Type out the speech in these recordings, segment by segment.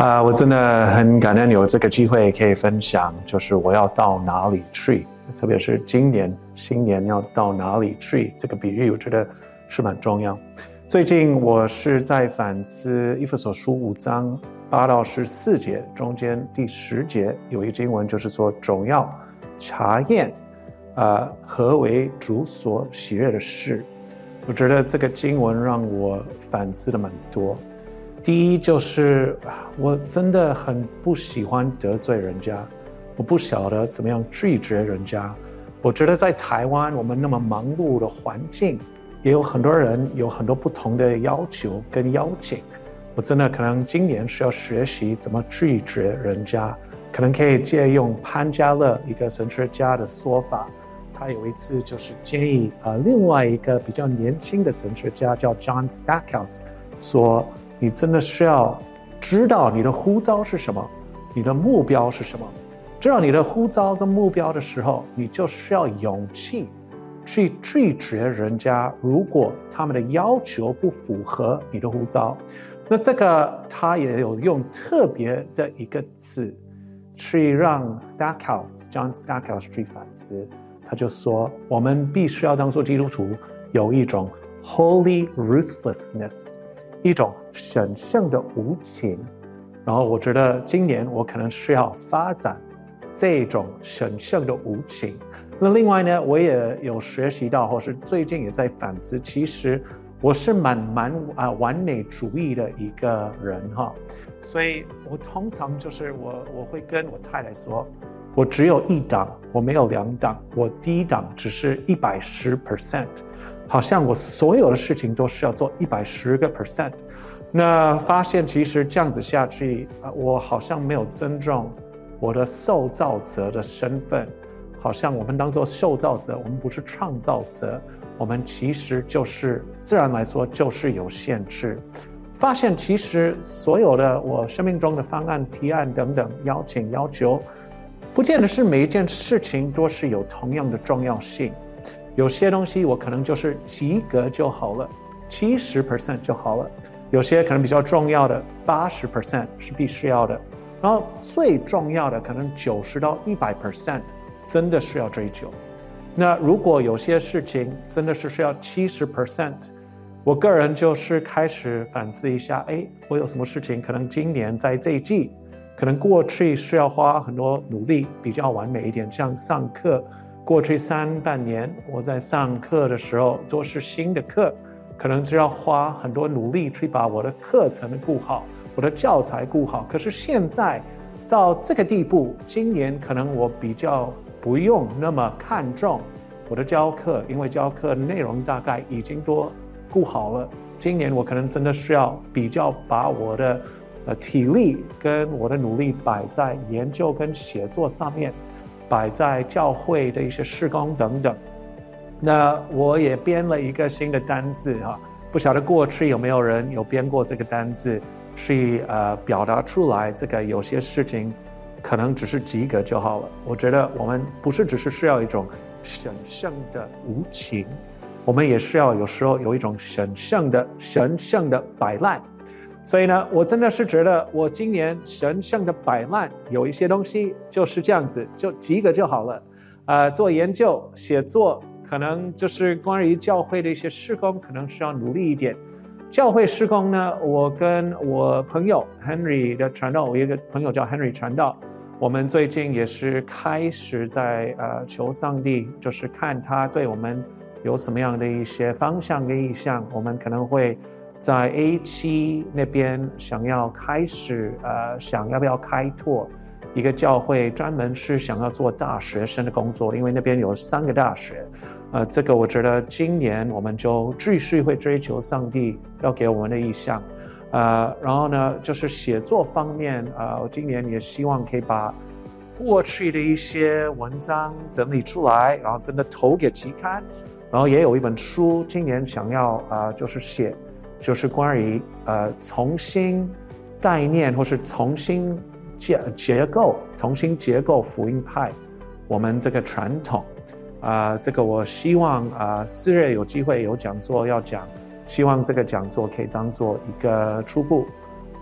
啊，uh, 我真的很感恩有這個機會可以分享，就是我要到哪裡去，特別是今年新年要到哪裡去這個比喻，我覺得是蠻重要。最近我是在反思《以弗所書》五章八到十四節中間第十節有一經文，就是說總要查驗啊、呃、何為主所喜悅的事。我覺得這個經文讓我反思了蠻多。第一就是，我真的很不喜歡得罪人家，我不曉得怎麼樣拒絕人家。我覺得在台灣我們那麼忙碌的環境，也有很多人有很多不同的要求跟邀請。我真的可能今年需要學習怎麼拒絕人家，可能可以借用潘家樂一個神學家的說法，他有一次就是建議呃另外一個比較年輕的神學家叫 John Stackhouse 說。你真的需要知道你的呼召是什麼，你的目標是什麼？知道你的呼召跟目標的時候，你就需要勇氣去拒絕人家。如果他們的要求不符合你的呼召，那這個他也有用特別的一個詞去讓 Stackhouse，John Stackhouse 去反思。他就說，我們必須要當做基督徒有一種 Holy Ruthlessness，一種。神聖的無情，然後我覺得今年我可能需要發展這種神聖的無情。那另外呢，我也有學習到，或是最近也在反思，其實我是蠻蠻啊完美主義的一個人哈，所以我通常就是我我會跟我太太說，我只有一檔，我沒有兩檔，我第一檔只是一百十 percent，好像我所有的事情都是要做一百十個 percent。那發現其實這樣子下去啊，我好像沒有尊重我的受造者的身份，好像我們當做受造者，我們不是創造者，我們其實就是自然來說就是有限制。發現其實所有的我生命中的方案、提案等等、邀請、要求，不見得是每一件事情都是有同樣的重要性，有些東西我可能就是及格就好了，七十 percent 就好了。有些可能比較重要的80，八十 percent 是必須要的，然後最重要的可能九十到一百 percent 真的是要追求。那如果有些事情真的是需要七十 percent，我個人就是開始反思一下，哎、欸，我有什麼事情可能今年在這一季，可能過去需要花很多努力，比較完美一點，像上課，過去三半年我在上課的時候都是新的課。可能就要花很多努力去把我的課程顧好，我的教材顧好。可是現在到這個地步，今年可能我比較不用那麼看重我的教課，因為教課內容大概已經都顧好了。今年我可能真的需要比較把我的呃體力跟我的努力擺在研究跟寫作上面，擺在教會的一些事工等等。那我也編了一個新的單字哈，不曉得過去有沒有人有編過這個單字，去呃表達出來這個有些事情，可能只是及格就好了。我覺得我們不是只是需要一種神聖的無情，我們也需要有時候有一種神聖的神聖的擺爛。所以呢，我真的是覺得我今年神聖的擺爛，有一些東西就是這樣子，就及格就好了。呃，做研究寫作，可能就是關於教會的一些事工，可能需要努力一點。教會事工呢，我跟我朋友 Henry 的傳道，我有一個朋友叫 Henry 傳道，我們最近也是開始在呃求上帝，就是看他對我們有什麼樣的一些方向跟意向。我們可能會在 A 七那邊想要開始呃，想要不要開拓一個教會，專門是想要做大學生的工作，因為那邊有三個大學。呃，這個我覺得今年我們就繼續會追求上帝要給我們的異象，呃，然後呢，就是寫作方面，呃，我今年也希望可以把過去的一些文章整理出來，然後真的投給期刊，然後也有一本書，今年想要啊、呃，就是寫，就是關於呃重新概念，或是重新結結構，重新結構福音派，我們這個傳統。啊、呃，這個我希望啊，四、呃、月有機會有講座要講，希望這個講座可以當做一個初步，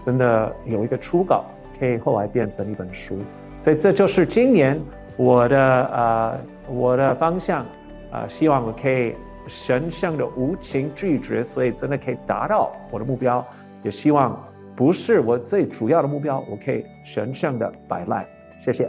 真的有一個初稿，可以後來變成一本書。所以這就是今年我的啊、呃，我的方向啊、呃，希望我可以神聖的無情拒絕，所以真的可以達到我的目標。也希望不是我最主要的目標，我可以神聖的擺爛。謝謝。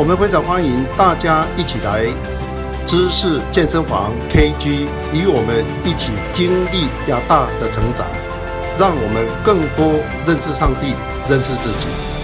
我們非常歡迎大家一起來知識健身房 KG，與我們一起經歷亞大的成長，讓我們更多認識上帝，認識自己。